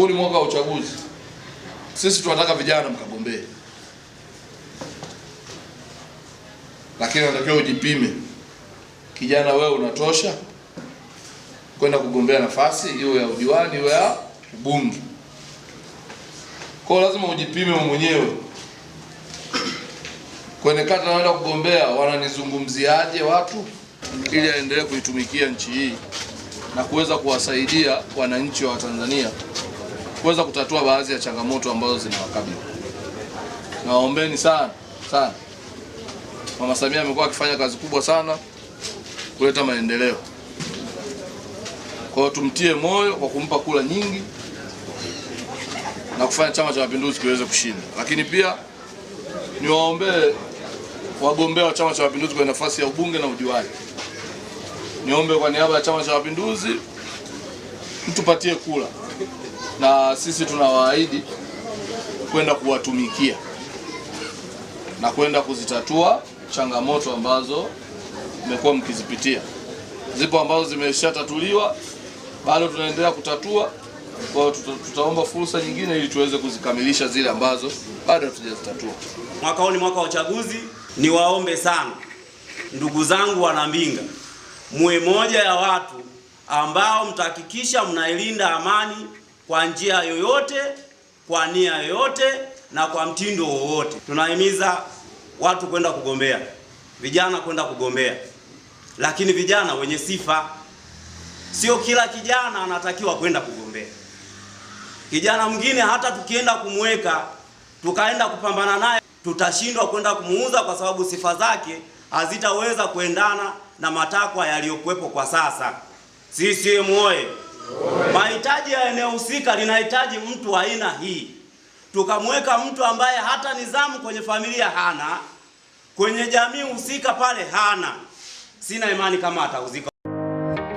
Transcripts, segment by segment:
huu ni mwaka wa uchaguzi, sisi tunataka vijana mkagombee, lakini natakiwa ujipime kijana, wewe unatosha kwenda kugombea nafasi iwe ya udiwani iwe ya ubunge. Kwa hiyo lazima ujipime mwenyewe kwenye kata naenda kugombea, wananizungumziaje watu, ili aendelee kuitumikia nchi hii na kuweza kuwasaidia wananchi wa Tanzania kuweza kutatua baadhi ya changamoto ambazo zinawakabili. Nawaombeni sana sana. Mama Samia amekuwa akifanya kazi kubwa sana kuleta maendeleo. Kwa tumtie moyo kwa kumpa kula nyingi na kufanya Chama cha Mapinduzi kiweze kushinda, lakini pia niwaombee wagombea wa Chama cha Mapinduzi kwenye nafasi ya ubunge na udiwani. Niombe kwa niaba ya Chama cha Mapinduzi mtupatie kula na sisi tunawaahidi kwenda kuwatumikia na kwenda kuzitatua changamoto ambazo mmekuwa mkizipitia. Zipo ambazo zimeshatatuliwa, bado tunaendelea kutatua. Kwa hiyo tuta, tutaomba fursa nyingine ili tuweze kuzikamilisha zile ambazo bado hatujazitatua. Mwaka huu ni mwaka wa uchaguzi, niwaombe sana ndugu zangu Wanambinga, muwe moja ya watu ambao mtahakikisha mnailinda amani kwa njia yoyote, kwa nia yoyote na kwa mtindo wowote. Tunahimiza watu kwenda kugombea, vijana kwenda kugombea, lakini vijana wenye sifa. Sio kila kijana anatakiwa kwenda kugombea. Kijana mwingine hata tukienda kumweka tukaenda kupambana naye, tutashindwa kwenda kumuuza kwa sababu sifa zake hazitaweza kuendana na matakwa yaliyokuwepo kwa sasa. CCM oye! Mahitaji ya eneo husika linahitaji mtu aina hii. Tukamweka mtu ambaye hata nizamu kwenye familia hana, kwenye jamii husika pale hana, sina imani kama atauzika.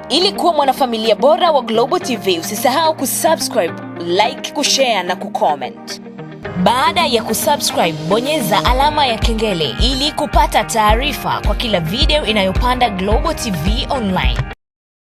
Ili kuwa mwanafamilia bora wa Global TV, usisahau kusubscribe, like, kushare na kucomment. Baada ya kusubscribe, bonyeza alama ya kengele ili kupata taarifa kwa kila video inayopanda Global TV Online.